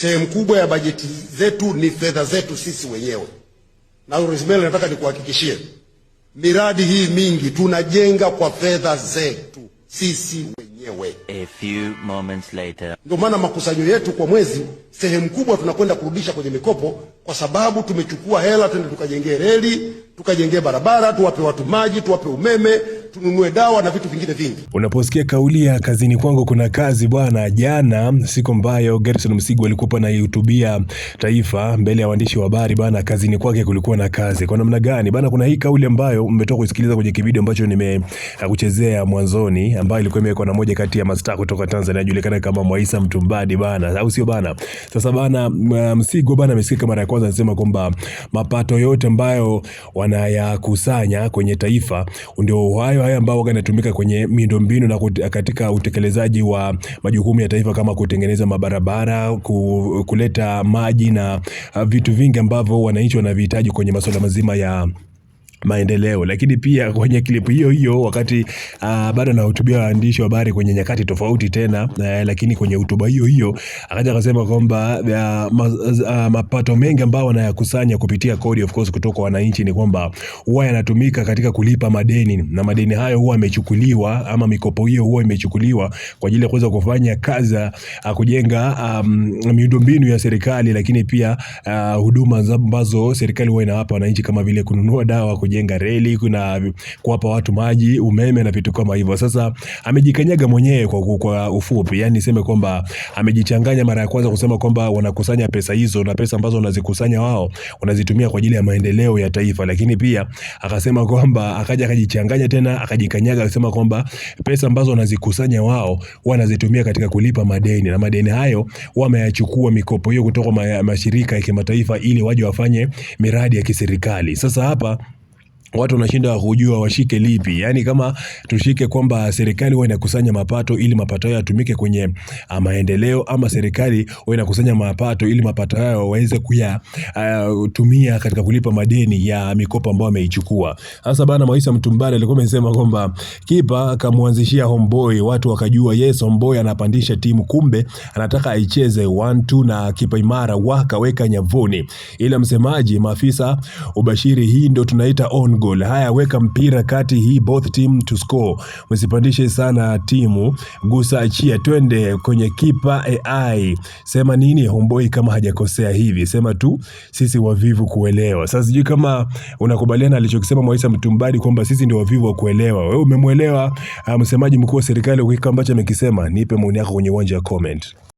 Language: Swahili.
sehemu kubwa ya bajeti zetu ni fedha zetu sisi wenyewe, na Rosemary, nataka nikuhakikishie miradi hii mingi tunajenga kwa fedha zetu sisi wenyewe. A few moments later. Ndio maana makusanyo yetu kwa mwezi sehemu kubwa tunakwenda kurudisha kwenye mikopo, kwa sababu tumechukua hela, twende tukajengee reli, tukajengee barabara, tuwape watu maji, tuwape umeme tununue dawa na vitu vingine vingi. Unaposikia kauli ya kazini kwangu kuna kazi bwana, jana siku ambayo Gerson Msigwa alikuwa anahutubia taifa mbele ya waandishi wa habari bwana, kazini kwake kulikuwa na kazi. Kwa namna gani bwana, kuna hii kauli ambayo mmetoka kusikiliza kwenye kibidi ambacho nimekuchezea mwanzoni, ambayo ilikuwa imewekwa na moja kati ya mastaa kutoka Tanzania anajulikana kama Mwaisa Mtumbadi bwana, au sio bwana? Sasa bwana, Msigwa bwana amesikika mara ya kwanza anasema kwamba mapato yote ambayo wanayakusanya kwenye taifa ndio wao hayo hayo ambayo yanatumika kwenye miundombinu na katika utekelezaji wa majukumu ya taifa kama kutengeneza mabarabara, kuleta maji na ah, vitu vingi ambavyo wananchi wanavihitaji kwenye masuala mazima ya maendeleo. Lakini pia kwenye klipu hiyo hiyo, wakati uh, bado anahutubia waandishi wa habari kwenye nyakati tofauti tena, uh, lakini kwenye hotuba hiyo hiyo akaja akasema kwamba uh, uh, mapato mengi ambayo wanayakusanya kupitia kodi of course kutoka wananchi ni kwamba huwa yanatumika katika kulipa madeni, na madeni hayo huwa yamechukuliwa ama mikopo hiyo huwa imechukuliwa kwa ajili ya kuweza kufanya kazi ah, kujenga um, miundombinu ya serikali, lakini pia uh, huduma ambazo serikali huwa inawapa wananchi kama vile kununua dawa kujenga reli, kuna kuwapa watu maji, umeme na vitu kama hivyo. Sasa amejikanyaga mwenyewe kwa, kwa ufupi, yani niseme kwamba amejichanganya mara ya kwanza kusema kwamba wanakusanya pesa hizo na pesa ambazo wanazikusanya wao wanazitumia kwa ajili ya maendeleo ya taifa, lakini pia akasema kwamba akaja akajichanganya tena akajikanyaga akasema kwamba pesa ambazo wanazikusanya wao wanazitumia katika kulipa madeni na madeni hayo wameyachukua mikopo hiyo kutoka mashirika ya kimataifa ili waje wafanye miradi ya kiserikali. Sasa hapa watu wanashinda kujua washike lipi. Yani kama tushike kwamba serikali huwa inakusanya mapato ili mapato hayo yatumike kwenye ah, maendeleo, ama serikali huwa inakusanya mapato ili mapato hayo waweze kuyatumia ah, uh, katika kulipa madeni ya mikopo ambayo wameichukua. Sasa bana Moisa Mtumbale alikuwa amesema kwamba kipa akamuanzishia homeboy, watu wakajua yes, homeboy anapandisha timu, kumbe anataka aicheze 1 2 na kipa imara wakaweka nyavuni, ila msemaji maafisa ubashiri, hii ndio tunaita on goal. Haya, weka mpira kati hii, both team to score. Msipandishe sana timu, gusa, achia, twende kwenye kipa AI. Sema nini homeboy, kama hajakosea hivi, sema tu sisi wavivu kuelewa. Sasa sijui kama unakubaliana alichokisema Mwaisa Mtumbadi kwamba sisi ndio wavivu wa kuelewa. Wewe umemwelewa ah, msemaji mkuu wa serikali kwa ambacho amekisema? Nipe maoni yako kwenye uwanja wa comment.